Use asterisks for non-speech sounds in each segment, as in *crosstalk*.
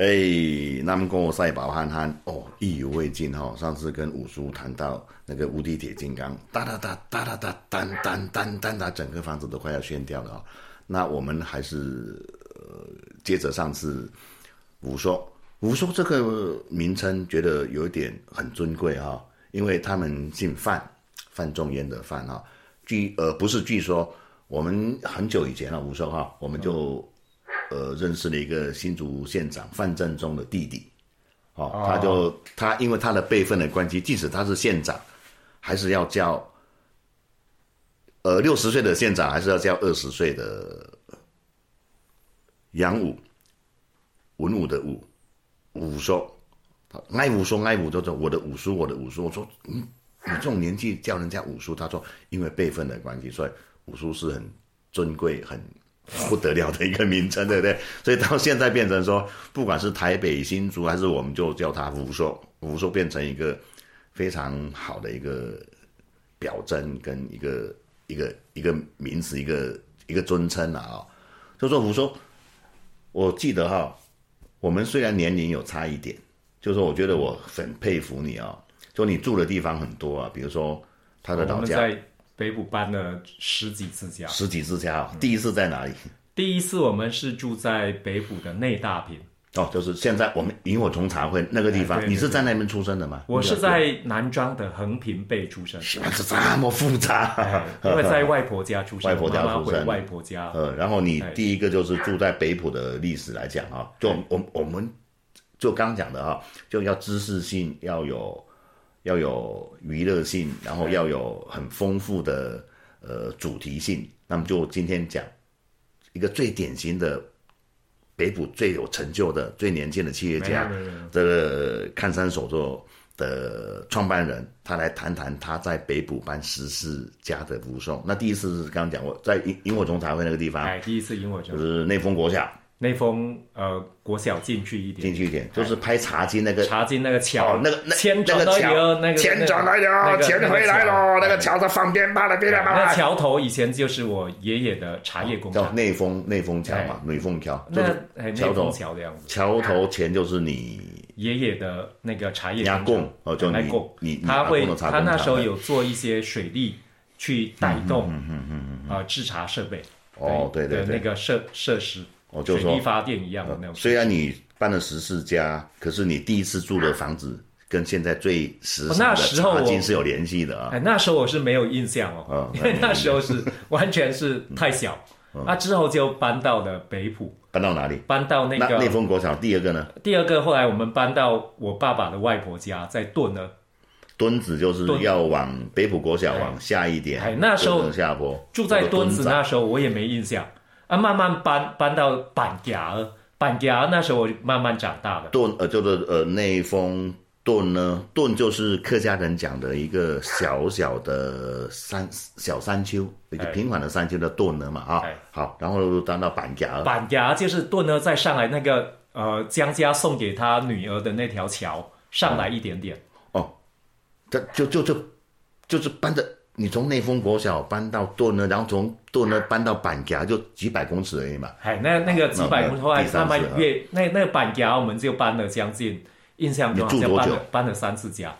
哎、hey,，那麼跟我賽寶憨憨哦，意猶未盡哦，上次跟武叔談到那個無敵鐵金剛，噠噠噠噠噠噠噠噠噠噠，整個房子都快要掀掉了啊。那我們還是呃，接着上次，武叔，武叔這個名稱覺得有一點很尊貴哈，因為他們姓范，范仲淹的范哈、哦。據呃不是據說，我們很久以前了，武叔哈，我們就。嗯呃，認識了一個新竹縣長范振宗的弟弟，哦，他就、oh. 他因為他的輩分的關係，即使他是縣長，還是要叫，呃，六十歲的縣長還是要叫二十歲的楊武，文武的武，武叔，愛武叔，愛武叔，說我的武叔，我的武叔，我說，嗯，你這種年紀叫人家武叔，他說，因為輩分的關係，所以武叔是很尊貴很。 *laughs* 不得了的一個名稱，對不對？所以到現在變成說，不管是台北新竹，還是我們就叫他武叔，武叔變成一個非常好的一個表徵跟一個一個一個名詞，一個一個尊稱了啊、哦。就說武叔，我記得哈、哦，我們雖然年齡有差一點，就是、說我覺得我很佩服你啊、哦。說你住的地方很多啊，比如說他的老家。北埔搬了十幾次家，十幾次家、哦嗯，第一次在哪裡？第一次我們是住在北埔的內大坪，哦，就是現在我們螢火蟲茶會那個地方。哎、對對對，你是在那邊出生的嗎？我是在南莊的橫坪背出生，原來是這麼複雜、哎，因為在外婆家出生，呵呵慢慢回外婆外婆家出生，外婆家。呃，然後你第一個就是住在北埔的歷史來講啊、哎哦，就我我們、哎、就剛講的啊、哦，就要知識性要有。要有娛樂性，然後要有很豐富的呃主題性。那麼就今天講一個最典型的北埔最有成就的最年輕的企業家，啊、這個看山手作的創辦人，他來談談他在北埔辦十四家的五送。那第一次是剛剛講過，在螢螢火蟲茶會那個地方，第一次螢火蟲就，就是內封國小。內封呃，國小進去一點，進去一點，就是拍茶金那個茶金那個橋，哦，那個那個那個橋，那個錢轉、那個，來了，錢、那個那個，回來了，那個橋在放鞭炮了，鞭炮。那橋頭以前就是我爺爺的茶葉工廠，叫內封內封橋嘛，內鳳橋，就是橋頭橋的樣子，橋頭前就是你爺爺、啊、的那個茶葉加工，哦，叫你、啊、你他會你他那時候有做一些水利去帶動，嗯嗯嗯嗯啊製茶設備，哦對對那個設設施。我就說發電一樣的那種。雖然你搬了十四家，可是你第一次住的房子，啊、跟現在最十四那時候已經是有聯繫的啊、哦那哎。那時候我是沒有印象哦，哦聽聽，因為那時候是 *laughs* 完全是太小。那、嗯嗯啊、之後就搬到了北埔。搬到哪裡？搬到那個那內豐國小。第二個呢？第二個後來我們搬到我爸爸的外婆家，在墩呢。墩子就是要往北埔國小往下一點。哎，那時候下坡住在，那個，墩子，那時候我也沒印象。那個啊，慢慢搬搬到板夾，板夾那時候慢慢長大了。墩呃，就是呃，那一封墩呢，墩就是客家人講的一個小小的山小山丘，一個平緩的山丘的墩呢嘛啊、哎哦哎。好，然後就搬到板夾。板夾就是墩呢，再上來那個呃江家送給他女兒的那條橋，上來一點點。哦，這、哦、就就就就是搬的。你從內豐國小搬到墩子，然後從墩子搬到板夾，就幾百公尺而已嘛。那那個幾百公尺，慢、哦、慢越、哦、那那個板夾，我們就搬了將近印象中好像搬了搬了，搬了三次家。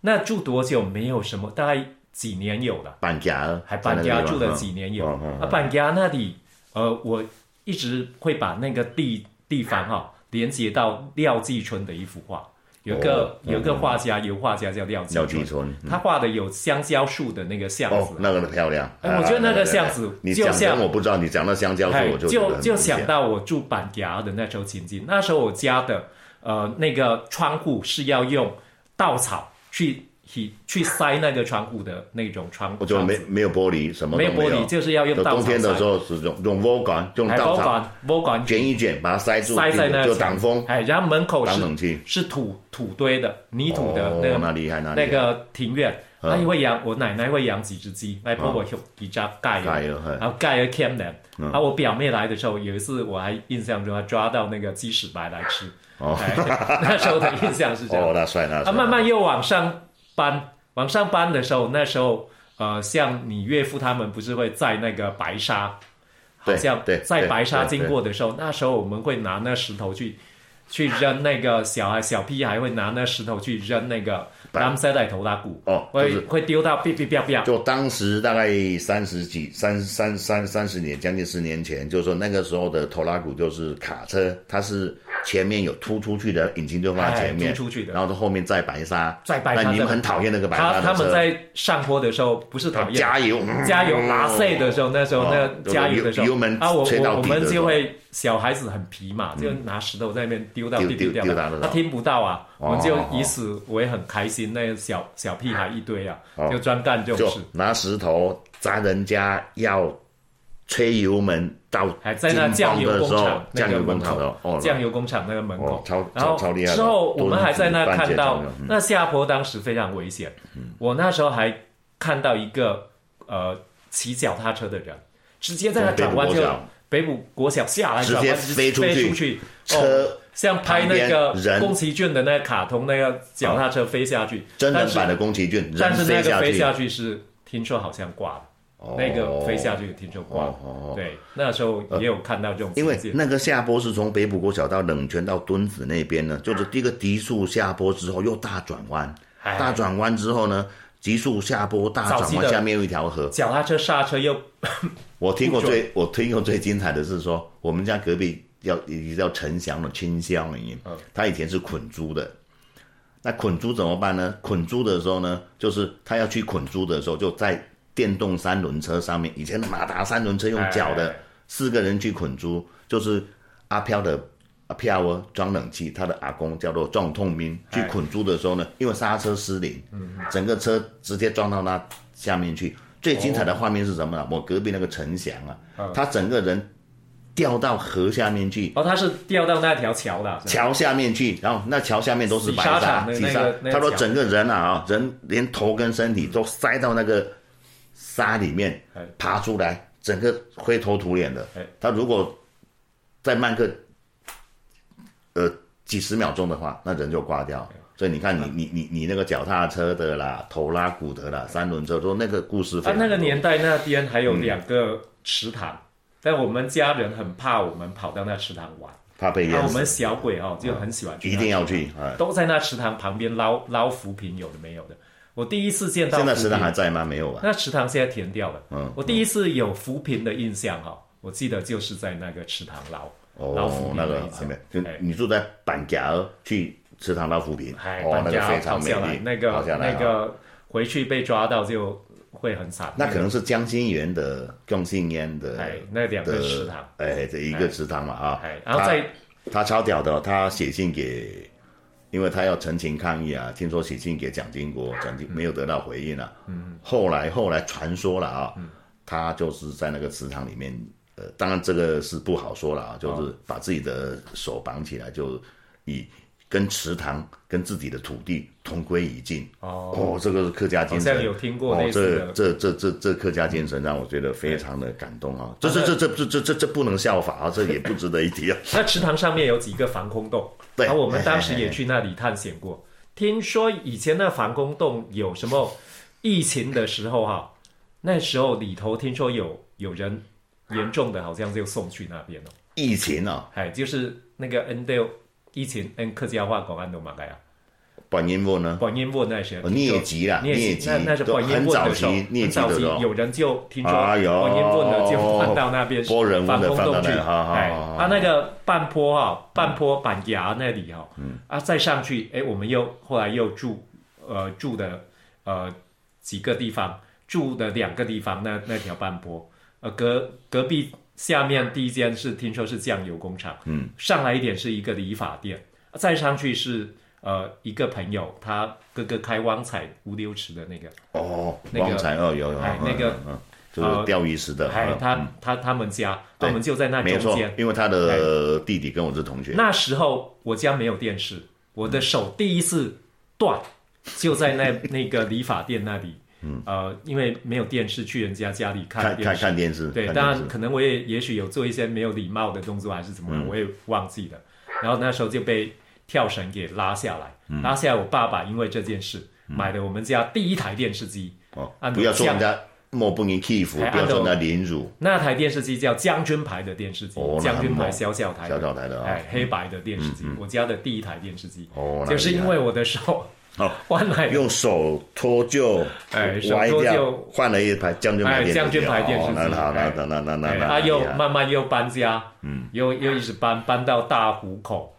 那住多久沒有什麼，大概幾年有了。板夾還搬家住了幾年有那、嗯、啊？板夾那裡，呃，我一直會把那個地地方哈、哦、連接到廖繼春的一幅畫。有個、哦、有個畫家，油、嗯、畫家叫廖子，廖繼春，他畫的有香蕉樹的那個巷子、哦，那個漂亮。哎，我覺得那個巷子就像……你我不知道你講到香蕉樹，我就、哎、就，就想到我住板夾的那時候情景。那時候我家的呃那個窗戶是要用稻草去。去塞那個窗戶的那種窗戶，就沒沒有玻璃，什麼沒有玻璃，就是要用稻草塞。冬天的時候是用用波管，用稻草卷一卷把它塞住，塞在那就擋風。哎，然後門口是是土土堆的泥土的那個，哦、那，那，那個庭院。那、嗯、因會養我奶奶會養幾隻雞，來婆婆有幾隻雞了，然後蓋兒 care t h 然後我表妹來的時候，有一次我還印象中抓到那個雞屎白來吃，嗯，哎呵呵。那時候的印象是這樣，哦、那帥那。啊、慢慢又往上。搬往上搬的時候，那時候呃，像你岳父他們不是會在那個白沙，好像在白沙經過的時候，那時候我們會拿那石頭去去扔那個小孩，小屁孩會拿那石頭去扔那個，他們塞在頭拉骨，會會丟到。就當時大概三十幾三三三三十年，將近十年前，就是說那個時候的頭拉骨就是卡車，它是。前面有突出去的引擎就放在前面，哎、突出去的，然後到後面再白沙，再白沙。那你們很討厭那個白沙，他他們在上坡的時候不是討厭他加油、嗯、加油拉碎的時候，那時候、哦、那加油的時候、就是、油啊，我我我們就會小孩子很皮嘛，就拿石頭在那邊丟到、嗯、丟掉他聽不到啊，哦、我們就以此為很開心。哦、那個小小屁孩一堆啊、哦，就專幹這種事，就拿石頭砸人家腰。推油門到還在那醬油工廠的時候，醬油工廠，醬、哦、油工廠那個門口、哦超超超，然後之後我們還在那看到那下坡當時非常危險、嗯嗯，我那時候還看到一個呃騎腳踏車的人，直接在那轉彎就北埔國小下來，直接飛出去，哦，像拍那個宮崎駿的那個卡通那個腳踏車飛下去，人但是真人版的宮崎駿，但是那個飛下去是聽說好像掛了。那個飛下去就聽說、哦哦哦，對，那時候也有看到這種、呃。因為那個下坡是從北埔國小到冷泉到墩子那邊呢，就是第一個急速下坡之後又大轉彎、哎，大轉彎之後呢，急速下坡，大轉彎下面有一條河，腳踏車剎車又。我聽過最 *laughs* 我聽過最精彩的是說，我們家隔壁叫也叫陳翔的親兄弟，他以前是捆豬的，那捆豬怎麼辦呢？捆豬的時候呢，就是他要去捆豬的時候就在。電動三輪車上面，以前馬達三輪車用腳的，四個人去捆豬，哎哎哎哎，就是阿飄的阿飄哦，裝冷氣，他的阿公叫做壯痛兵。去捆豬的時候呢，因為剎車失靈，嗯，整個車直接撞到那下面去。嗯、最精彩的畫面是什麼呢？哦、我隔壁那個陳翔啊、哦，他整個人掉到河下面去。哦，他是掉到那條橋的，啊、橋下面去，然後那橋下面都是白沙、沙、那個沙那個那個。他說整個人啊，人連頭跟身體都塞到那個。嗯沙裡面爬出來，整個灰頭土臉的。他如果再慢個呃幾十秒鐘的話，那人就掛掉。所以你看你，啊你，你你你你那個腳踏車的啦，頭拉骨的啦，三輪車都那個故事。啊，那個年代那邊還有兩個池塘，嗯，但我們家人很怕我們跑到那池塘玩，怕被淹死，啊、我們小鬼哦就很喜歡去，嗯，一定要去，都在那池塘旁邊撈撈浮萍，有的沒有的。我第一次見到現在池塘還在嗎？沒有吧？那池塘現在填掉了。嗯，嗯我第一次有浮萍的印象哈、哦，我記得就是在那個池塘撈，哦、撈浮那個，就你住在板橋去池塘撈浮萍，哎，板橋超屌那個、那個、那個回去被抓到就會很慘。那可能是江心園的、共心煙的，哎，那兩個池塘，哎，這一個池塘嘛啊，哎，然後在他，他超屌的，他寫信給。因為他要陳情抗議啊，聽說寫信給蔣經國，蔣經沒有得到回應了。嗯，後來後來傳說了啊、哦，他就是在那個祠堂裡面，呃，當然這個是不好說了啊，就是把自己的手綁起來就以。跟池塘、跟自己的土地同歸於盡、oh, 哦，這個是客家精神好像有聽過哦。這這這這這客家精神讓我覺得非常的感動啊！這這這這這這這不能效法啊， *laughs* 這也不值得一提啊。那池塘上面有幾個防空洞，對、 *laughs* 啊，我們當時也去那裡探險過。 *laughs* 聽說以前那防空洞有什麼疫情的時候哈、啊， *laughs* 那時候裡頭聽說有有人嚴重的好像就送去那邊了、哦。疫情啊、哦，哎，就是那個 N l 以前的，嗯，客家話、廣安都冇改啊。板煙霧呢？板煙霧那時、哦。你也急啦！你也急。那那是板煙霧的時候。很着急，有人就聽說板煙霧的，就搬到那邊防空洞去。哎、哦，他、哦哦啊哦、那個半坡哈、哦嗯，半坡板崖那裡哈、哦嗯，啊，再上去，哎、欸，我們又後來又住，呃，住的呃幾個地方，住的兩個地方，那那條半坡，呃，隔隔壁。下面第一間是聽說是醬油工廠，嗯，上來一點是一個理髮店，再上去是呃一個朋友，他哥哥開旺財五六池的那個，哦，旺、那個、彩哦，有、哦、有、哎，那個、哦、就是釣魚池的，還、呃哎、他他他們家，他們就在那中間，沒錯、因為他的弟弟跟我是同學、哎。那時候我家沒有電視，我的手第一次斷，就在那、嗯、 *laughs* 那個理髮店那裡。嗯，呃，因為沒有電視，去人家家裡看，看看電視。對，當然可能我也也許有做一些沒有禮貌的動作，還是怎麼、嗯，我也忘記了。然後那時候就被跳繩給拉下來，嗯、拉下來。我爸爸因為這件事、嗯、買的我們家第一台電視機。哦，Under、不要說人家莫不明欺負，不要說人家凌辱。那台電視機叫將軍牌的電視機，哦、將軍牌小小台，小小台的，哎，黑白的電視機，我家的第一台電視機，就是因為我的時候哦，換來用手托就哎，歪掉換了一台將軍牌電視、哎將軍牌電視，哦，那、哦、好，那那那那那，又慢慢又搬家，嗯、哎，又又一直搬，搬到大湖口、嗯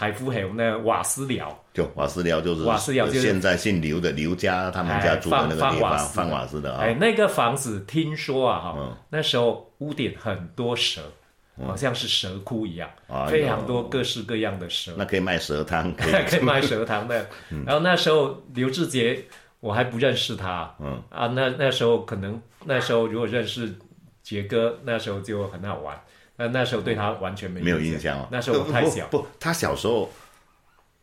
哎、台富還有那瓦斯寮，就瓦斯寮就是瓦斯寮，現在姓劉的劉家他們家住的那個地方，放、哎就是就是、瓦、瓦斯的啊、哦，哎，那個房子聽說啊哈、嗯，那時候屋頂很多蛇。嗯、好像是蛇窟一樣、哦，非常多各式各樣的蛇。那可以賣蛇湯，可以， *laughs* 可以賣蛇湯的、嗯。然後那時候劉志杰，我還不認識他。嗯啊，那那時候可能那時候如果認識杰哥，那時候就很好玩。那那時候對他完全沒有、嗯、沒有印象、啊、那時候我太小不，不，他小時候，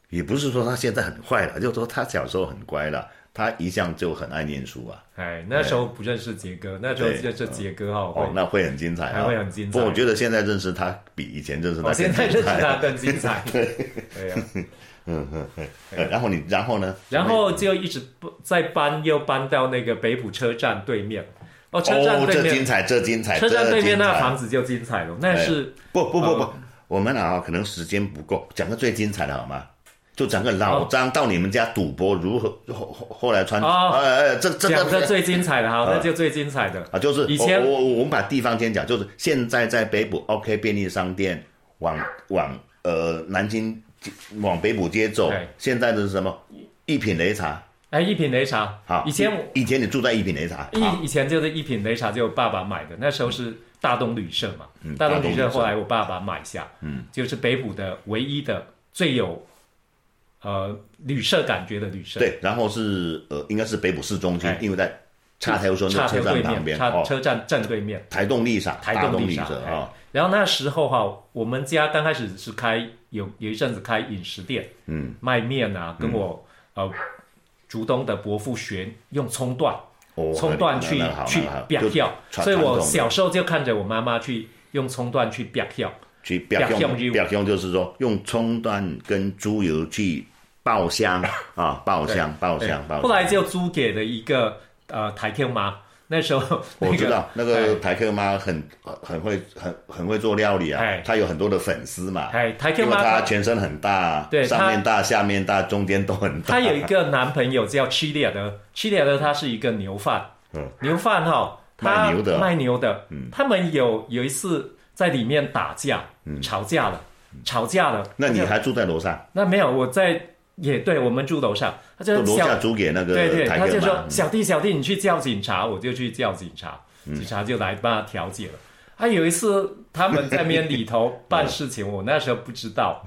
也不是說他現在很壞了，就說他小時候很乖了。他一向就很愛念書啊！哎，那時候不認識杰哥，那時候就認識杰哥哈、哦哦。哦，那會很精彩、哦，會很精彩、哦。不，我覺得現在認識他比以前認識、哦哦。現在認識他更精彩。 *laughs* 對呀，對對啊、 *laughs* 嗯嗯然後你，然後呢？然後就一直不再搬又搬到那個北埔車站,對面、哦、車站對面。哦，這精彩，這精彩。精彩車站對面那,那個房子就精彩了。那是不不不不、哦，我們啊、哦、可能時間不夠，講個最精彩的好嗎？就講個老張到你們家賭博如何？哦、後後後來穿。哦，哎哎，這這個最精彩的哈、嗯，那就最精彩的。嗯、啊，就是以前我我，我，我們把地方先講，就是現在在北埔 OK 便利商店，往往呃南京往北埔街走、哎，現在的是什麼一品雷茶？哎，一品雷茶。好，以前以前你住在一品雷茶。以以前就是一品雷茶，就我爸爸買的，那時候是大東旅社嘛。嗯。大東旅社後來我爸爸買下嗯。嗯。就是北埔的唯一的最有。呃，旅社，感覺的旅社，對，然後是呃，應該是北埔市中心，嗯、因為在，叉台烏山那車站車站站對面，喔，台動力上，台動力上啊。然後那時候哈、哦，我們家剛開始是開有有一陣子開飲食店，嗯，賣麵啊，跟我、嗯、呃，竹東的伯父學用蔥段，哦，蔥段去去煸掉，所以我小時候就看着我媽媽去用蔥段去表掉，去煸票，煸香，就是說，就是說用蔥段跟豬油去。爆香啊，爆香，爆香，後來就租給了一個呃台客媽。那時候、那個、我知道那個台客媽很很會很很會做料理啊，她有很多的粉絲嘛。台客媽，因為她全身很大，對，上面大，下面大，中間都很大。她有一個男朋友叫 Chile 的，Chile 的他是一個牛販，嗯，牛販哈、哦，賣牛的，賣牛的，嗯，他們有有一次在裡面打架、嗯，吵架了，吵架了。那你還住在樓上？那沒有，我在。也、yeah, 對，我們住樓上，他就樓下租給那個，對對，他就說小弟小弟，你去叫警察，我就去叫警察，嗯、警察就來幫他調解了。他有一次他們在面裡頭辦事情， *laughs* 我那時候不知道，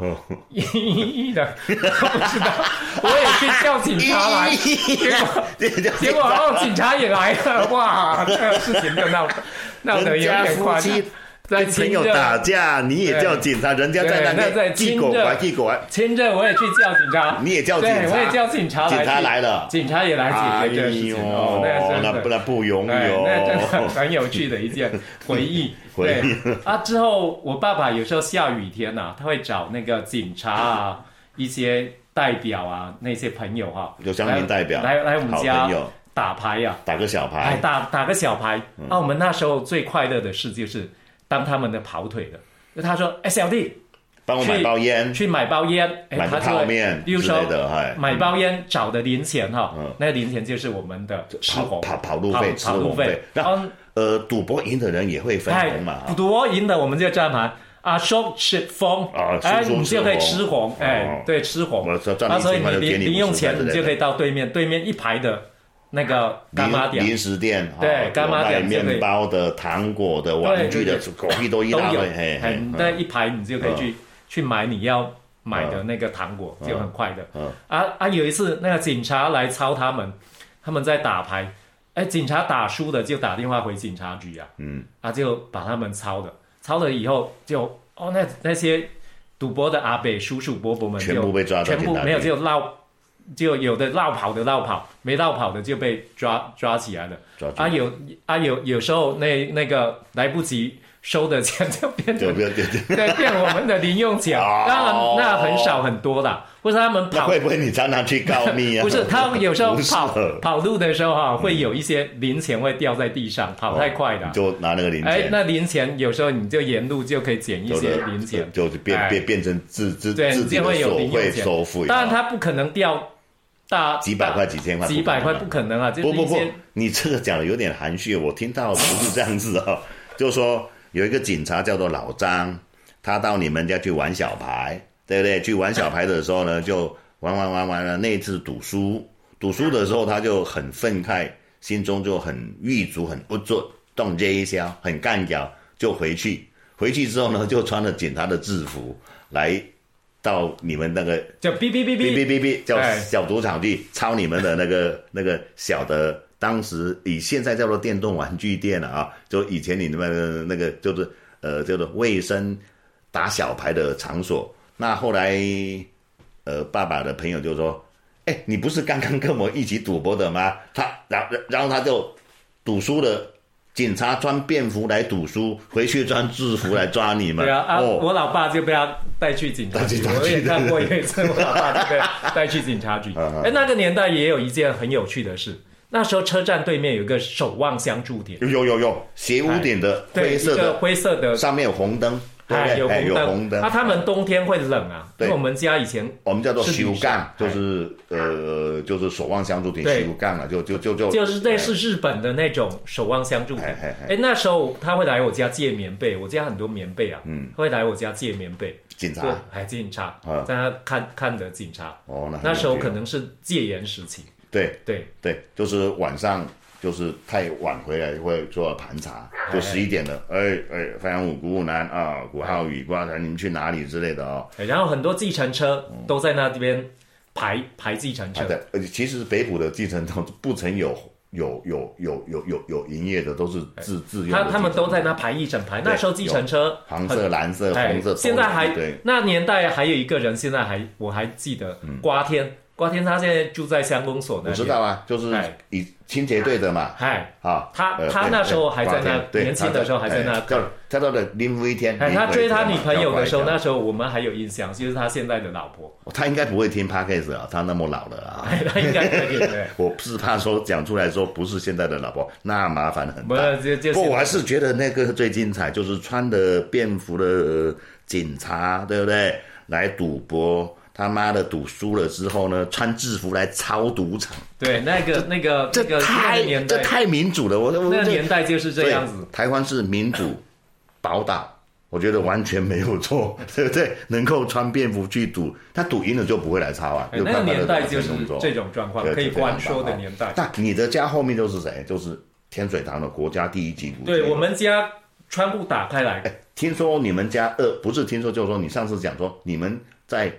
一、嗯，的 *laughs* *laughs* 不知道，我也去叫警察來， *laughs* 結果 *laughs* 結果 *laughs* 哦，警察也來了，哇， *laughs* 這個事情就鬧鬧 *laughs* 得有點誇張。在朋友打架，你也叫警察。人家在那在遞果啊，遞果啊。簽證我也去叫警察。你也叫警察。我也叫警察。警察來了，來警察也來解決這件事情、哎、哦。那是不是那不然不容易那真的，很有趣的一件回憶。 *laughs* 回憶 *laughs* 啊，之後我爸爸有時候下雨天吶、啊，他會找那個警察啊， *laughs* 一些代表啊，那些朋友哈、啊，有鄉民代表來來我們家打牌呀、啊，打個小牌，啊、打打個小牌、嗯。啊，我們那時候最快樂的事就是。當他們的跑腿的，就他說 S L D，幫我買包煙，去買包煙，欸，哎，他就比如說買包煙找的零錢哈，那個零錢就是我們的跑紅、吃紅、跑跑路費，跑路費，然後，嗯、呃，賭博贏的人也會分紅嘛，賭，嗯、博贏的我們就站盤啊 short s h e t f 啊，哎，啊啊，你就可以吃紅，哎，哦欸，對，吃紅，那所以你零零用錢你就可以到對面對面一排的，那個柑仔店，零食店，對，柑仔店面包的、糖果的、玩具的，狗屁都,都一大堆，嘿在一排，你就可以去、嗯、去買你要買的那個糖果，嗯、就很快的。嗯、啊啊！有一次那個警察來抄他們，他們在打牌，哎，警察打輸了就打電話回警察局啊，嗯，他、啊、就把他們抄了，抄了以後就哦，那那些賭博的阿伯叔叔伯伯們全部被抓到，全部沒有，就鬧。就有的落跑的落跑，沒落跑的就被抓抓起來了。抓啊，有啊有有時候那那個來不及收的錢就變成就對，就對變我們的零用錢，當 *laughs* 然那很少很多了。不是他們跑會不會你常常去告密啊？不是他們有時候跑跑路的時候哈、啊，會有一些零錢會掉在地上，跑太快的，啊、你就拿那個零錢。哎，那零錢有時候你就沿路就可以撿一些零錢，就，就，就變變，哎、變成自，對自，自會有零用錢，當然它不可能掉。哦啊大幾百塊、幾千塊，幾百塊不可能啊！就是，不不不不，你這個講的有點含蓄，我聽到不是這樣子哦。就說有一個警察叫做老張，他到你們家去玩小牌，對不對？去玩小牌的時候呢，就玩玩玩玩了。那一次賭輸，賭輸的時候他就很憤慨，心中就很鬱卒，很不作動這些，很幹掉就回去。回去之後呢，就穿了警察的制服來。到你們那個叫嗶嗶嗶嗶嗶嗶嗶叫小賭場去抄你們的那個 *laughs* 那個小的，當時以現在叫做電動玩具店了啊，就以前你們那個就是呃叫做、就是、衛生打小牌的場所。那後來，呃，爸爸的朋友就說：“哎，你不是剛剛跟我一起賭博的嗎？”他然然然後他就賭輸了。警察穿便服來賭輸，回去穿制服來抓你們。 *laughs* 對啊，啊，oh, 我老爸就被他帶去警察，警察局。我也看過一次， *laughs* 我老爸就被帶去警察局。哎、 *laughs* *laughs* 欸，那個年代也有一件很有趣的事，那時候車站對面有個守望相助點，有有有，斜屋頂的灰色的，哎、灰色的上面有紅燈。對對有紅燈。那、啊、他們冬天會冷啊？對，因為我們家以前市市我們叫做修干，就是呃、啊，就是守望相助挺修干了、啊，就就就就就是類似日本的那種守望相助。哎、欸，那時候他會來我家借棉被，我家很多棉被啊。嗯，會來我家借棉被。警察，對還警察，在那看看的警察。哦那，那時候可能是戒嚴時期。對對對，就是晚上。就是太晚回來會做盤查，就十一點了，哎哎，哎哎范陽五、古武南啊、古浩宇、哎、瓜田，你們去哪裡之類的哦。然後很多計程車都在那邊排、嗯、排計程車。啊、對，而且其實北埔的計程車不曾有有有有有有營業的，都是自自用。他他們都在那排一整排。那時候計程車，黃色、藍色、哎、紅色，現在還。對。那年代還有一個人，現在還我還記得瓜天。嗯瓜天，他現在住在鄉公所，那我知道啊，就是以清潔隊的嘛。嗨、哎，啊，他他，他那時候還在那、哎、年輕的時候還在那，他在到了的一天。他追他女朋友的時候，那時候我們還有印象，就是他現在的老婆。他應該不會聽 Parkes 啊，他那麼老了啊，他應該可以，對我是怕說講出來說不是現在的老婆，那麻煩很大不。不，我還是覺得那個最精彩，就是穿的便服的警察，對不對？來賭博。他媽的賭輸了之後呢，穿制服來抄賭場。對，那個 *laughs* 那個這、那個，這太這太民主了。我說那個年代就是這樣子。台灣是民主寶島， *coughs* 我覺得完全沒有錯， *coughs* 對不對？能夠穿便服去賭，他賭贏了就不會來抄啊、哎。那個年代就是這種狀況，可以官宣的年代。但你的家後面就是誰？就是天水堂的國家第一級古蹟。對，我們家窗戶打開來。聽說你們家呃，不是聽說，就是說你上次講說你們在。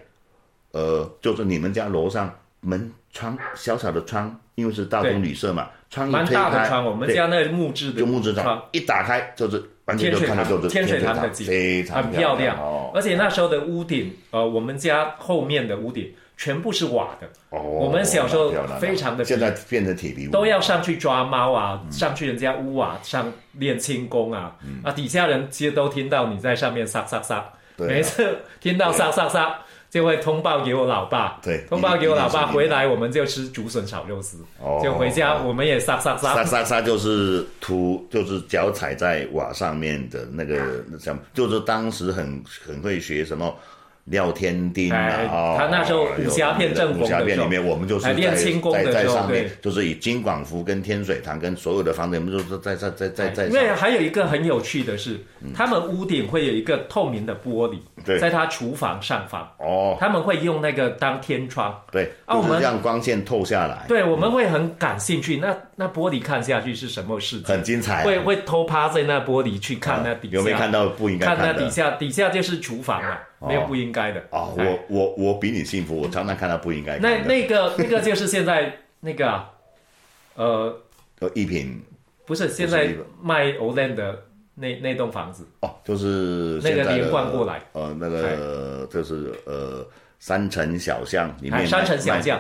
呃，就是你們家樓上門窗小小的窗，因為是大眾旅社嘛，窗一推開，蠻大的窗，我們家那木質的，就木質窗一打開，就是完全就看到就是天水堂的景，非常漂亮。而且那時候的屋頂，嗯、呃，我們家後面的屋頂全部是瓦的、哦，我們小時候非常的漂亮。現在變成鐵皮屋，都要上去抓貓啊，嗯、上去人家屋瓦、啊、上練輕功啊、嗯，啊，底下人其實都聽到你在上面撒撒撒，嗯、每一次聽到撒撒撒。就會通報給我老爸，對，通報給我老爸回來，我們就吃竹筍炒肉絲。哦、就回家，我們也撒撒撒撒撒撒，就是塗就是腳踩在瓦上面的那個，啊、那像就是當時很很會學什麼。廖添丁、啊哎、他那時候武俠片正紅，武俠片裡面，我們就是在練輕功的時候在在、在上面，就是以金廣福跟天水堂跟所有的房子，我們就是在在在在在。對，因為還有一個很有趣的是、嗯，他們屋頂會有一個透明的玻璃，在他廚房上方哦，他們會用那個當天窗，對，啊，我們讓光線透下來、啊，對，我們會很感興趣。嗯、那。那玻璃看下去是什麼事情很精彩、啊。會會偷趴在那玻璃去看那底下。啊，有沒有看到不應該看的？看那底下，底下就是廚房啊。哦，沒有不應該的。啊，哦哎，我我我比你幸福，我常常看到不應該的。那那個那個就是現在 *laughs* 那個、啊，呃，一品，是一品不是現在賣歐蘭的那那棟房子哦，就是那個連貫過來。呃，那個就是呃。哎三成小巷裡面賣 o r 的，哎、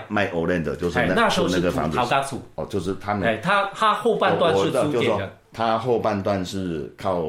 賣賣就是那、哎、那時候是那個房子，哦，就是他們。哎，他他後半段、哦、是租給的、就是，他後半段是靠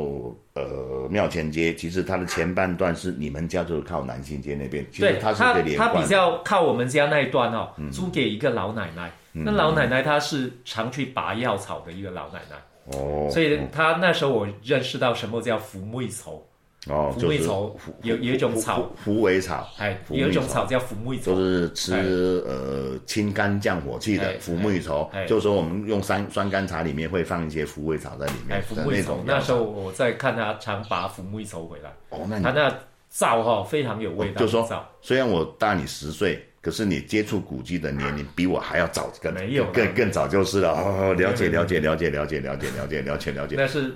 呃廟前街，其實他的前半段是你們家，就是靠南新街那邊。對，他他比較靠我們家那一段哦，嗯、租給一個老奶奶，嗯、那老奶奶她是常去拔藥草的一個老奶奶哦，所以他那時候我認識到什麼叫浮木一籌。哦，虎、就、尾、是、有有一種草，虎尾、尾、尾草，有一種草叫虎尾草，就是吃、哎、呃清肝降火氣的虎、哎、尾草，哎。就是說我們用酸酸甘茶裡面會放一些虎尾草在裡面。哎，虎尾草、草，那時候我在看他常拔虎尾草回來，哦，那他那造哈、哦、非常有味道。造、哦，雖然我大你十歲，可是你接觸古蹟的年齡比我還要早，啊、更沒有更更早就是了。哦，了解了解了解了解了解了解了解。那是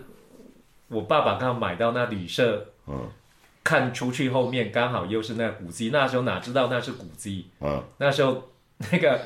我爸爸剛買到那旅社。嗯，看出去後面剛好又是那古蹟，那時候哪知道那是古蹟？嗯，那時候那個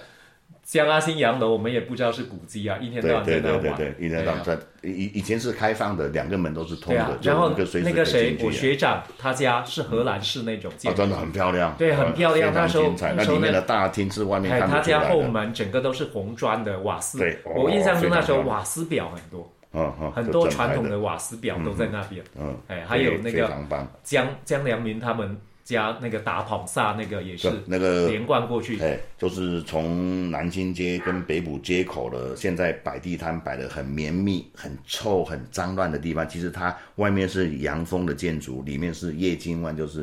姜阿新洋樓，我們也不知道是古蹟啊，一天到晚在玩，對對對對，一天到晚。以、啊、以前是開放的，兩個門都是通的。對啊、然後、啊、那個誰，我學長他家是荷蘭式那種建築，裝的很漂亮。對，很漂亮。嗯、那時候那裡面的大廳是外面看、哎、他家後門整個都是紅磚的瓦斯。對，哦、我印象中、哦、那時候瓦斯表很多。嗯、哦、嗯、哦，很多傳統的瓦斯表都在那邊。嗯，哎嗯，還有那個江江、江良民他們家那個打跑薩那個也是那個連貫過去。哎，就是從南京街跟北埔街口的，現在擺地攤擺得很綿密、很臭很、很髒亂的地方。其實它外面是洋風的建築，裡面是葉金萬，就是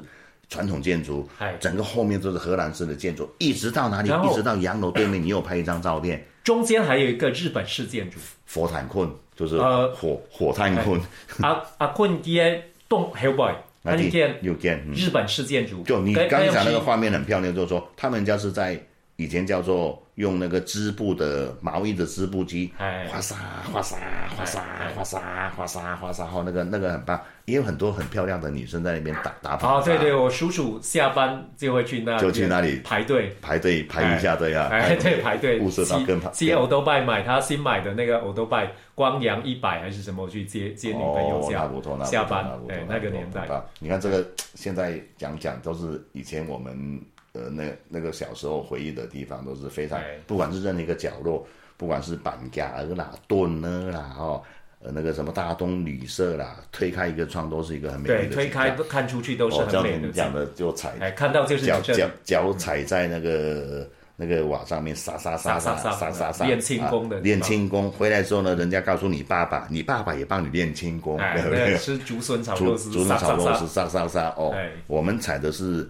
傳統建築。哎，整個後面都是荷蘭式的建築，一直到哪裡？一直到洋樓對面，你有拍一張照片。中間還有一個日本式建築，佛壇困。就是火、uh, 火炭混、okay. *laughs* 啊，啊啊混，這些東後輩，那件又見日本式建築，就你剛才那個畫面很漂亮，就是、嗯、就說他們家是在。以前叫做用那個織布的毛衣的織布機，花紗花紗花紗花紗花紗花紗，後、oh, 那個那個很棒，也有很多很漂亮的女生在那邊打打牌啊。哦，對對，我叔叔下班就會去那，就去那裡排隊排隊，排、隊排一下隊啊，排隊排隊。去去歐多拜買他新買的那個歐多拜光陽一百還是什麼，去接接女朋友下家哦、下班。哎，那個年代，那個年代你看這個現在講講都是以前我們。呃，那那個小時候回憶的地方都是非常，不管是任何一個角落，不管是板家兒啦、墩呢啦，哦，呃，那個什麼大東旅社啦，推開一個窗都是一個很美麗的。對，推開看出去都是很美的。講、哦、的就踩、哎，看到就是腳腳腳踩在那個那個瓦上面，沙沙沙沙沙沙沙練輕功的，練輕功、啊、回來之後呢，人家告訴你爸爸，你爸爸也幫你練輕功，對不對？有有是竹筍炒竹竹筍炒肉絲沙沙沙、沙、沙、沙、沙、沙、沙哦、哎。我們踩的是。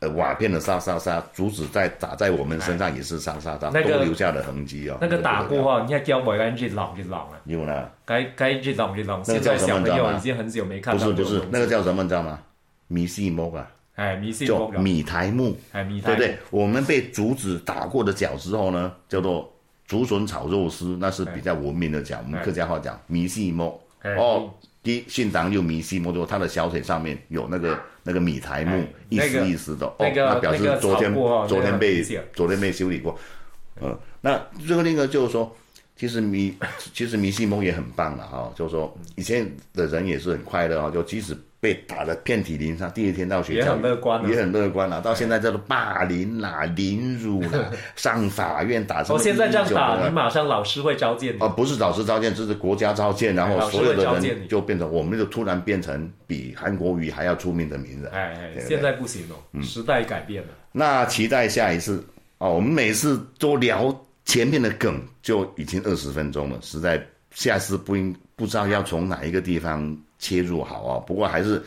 呃、瓦片的沙沙沙，竹子在打在我們身上也是沙沙沙，都、那個、留下的痕跡啊、哦。那個打過哈，你看腳尾乾淨，老就老了。因為呢，該該就老就老。現在小朋友已經很久沒看到，不是不是，那個叫什麼？你知道嗎？米篩目。哎，米篩目。叫米苔目。哎，米苔。對不對？我們被竹子打過的腳之後呢，叫做竹筍炒肉絲、哎，那是比較文明的腳、哎。我們客家話講，米篩目哦。哎第姓唐又迷信米西，摩托他的小腿上面有那個那個米苔目、嗯、一絲一絲的、那個、哦，那表示昨天、那個、昨天被、啊、昨天被修理過，啊、嗯，那、嗯、最後那個就是說。其實迷，其實迷信夢也很棒了哈、哦。就是說，以前的人也是很快樂啊、哦。就即使被打得遍體鱗傷，第二天到學校也很樂觀了、啊，也很樂觀了、啊啊嗯。到現在這種霸凌啦、啊，凌辱啊，哎、上法院打我、哦、現在這樣打、嗯、打你，馬上老師會召見你啊、哦？不是老師召見，這是，是國家召見，然後所有的人就變成、哎、就變成我們，就突然變成比韓國瑜還要出名的名人、啊。哎哎對對，現在不行哦，時代改變了。嗯、那期待下一次哦，我們每次都聊。前面的梗就已經二十分鐘了，實在下次不應不知道要從哪一個地方切入好啊、哦。不過還是，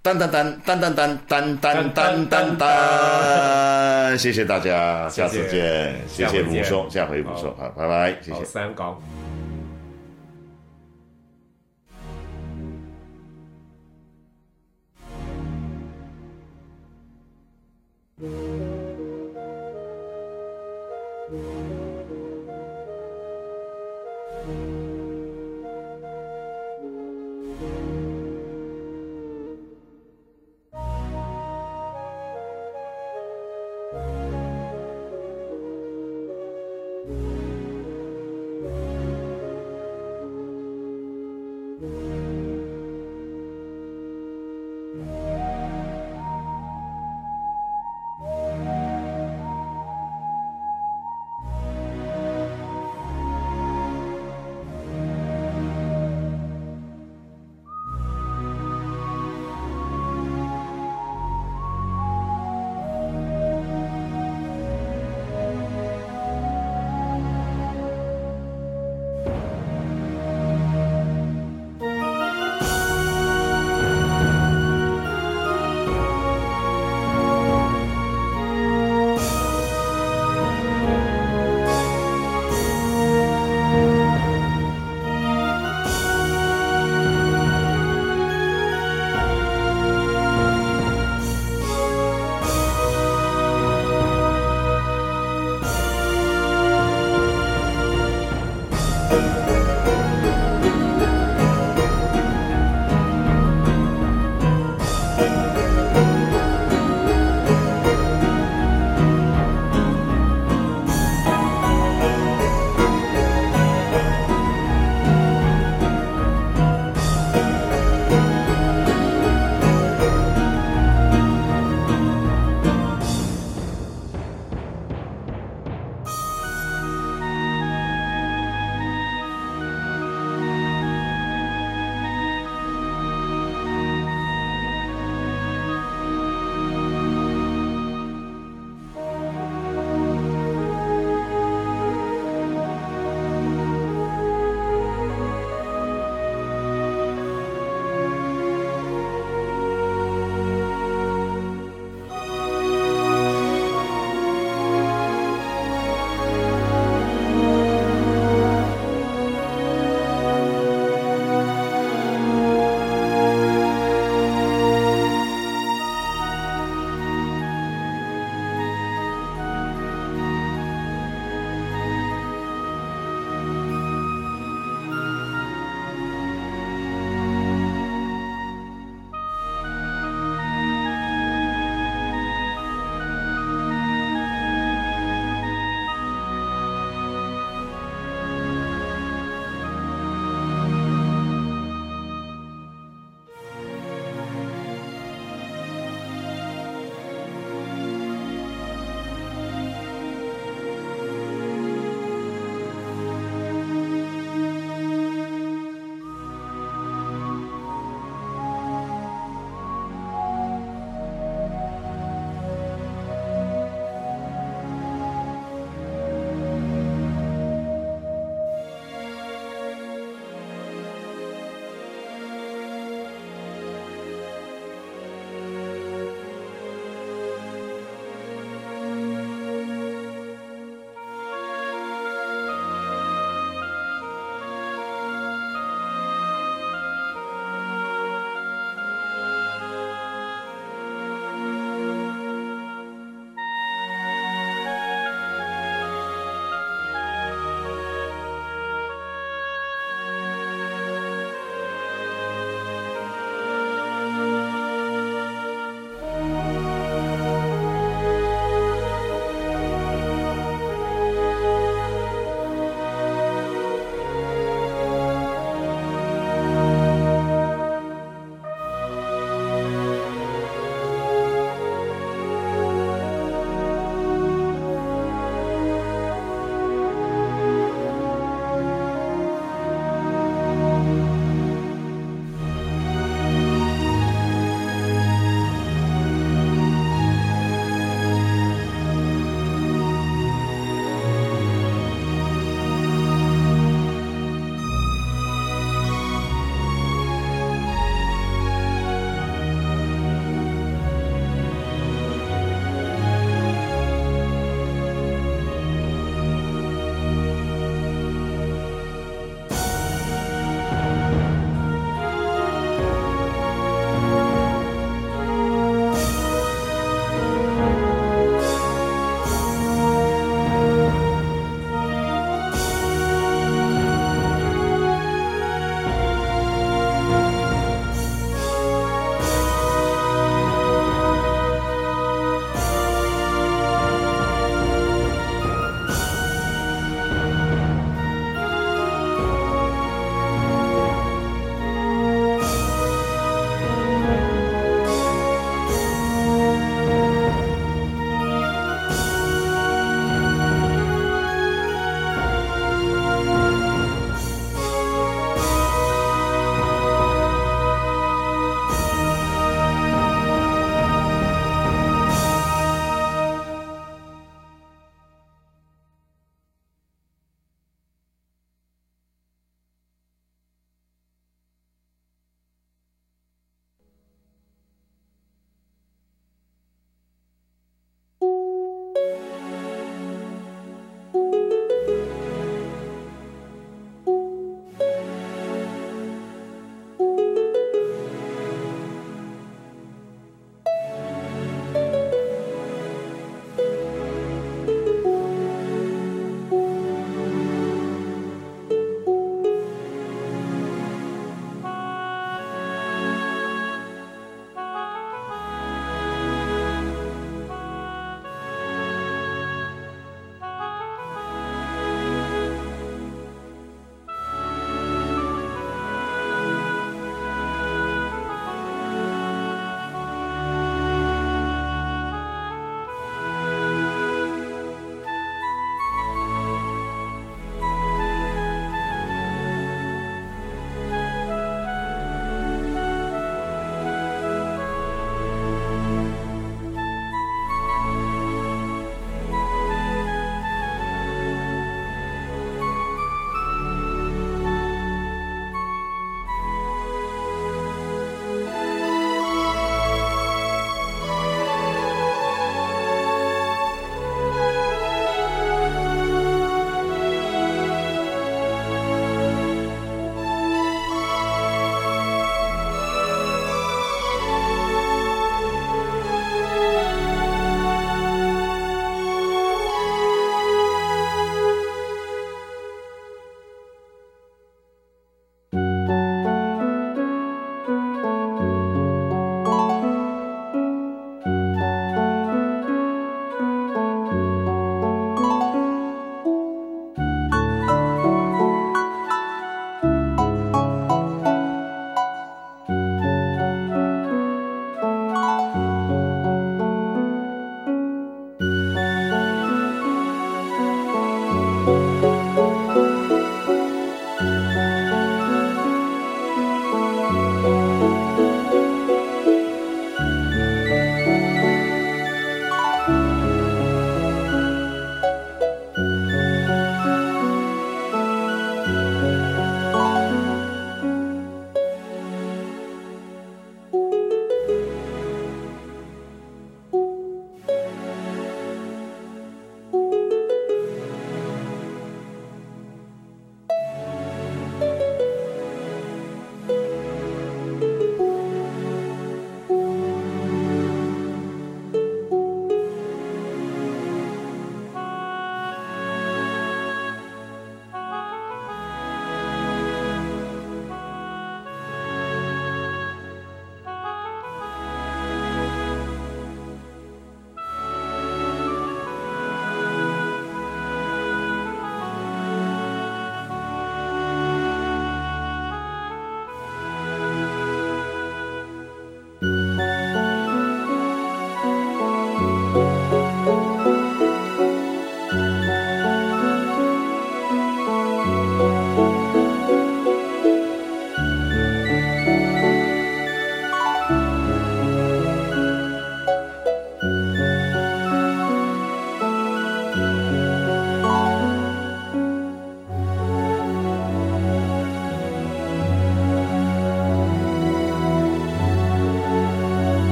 單單單單單單單單單單，謝謝大家，謝謝下次見，下回見，謝謝武松，下回武松，好，好拜拜，謝謝。三高。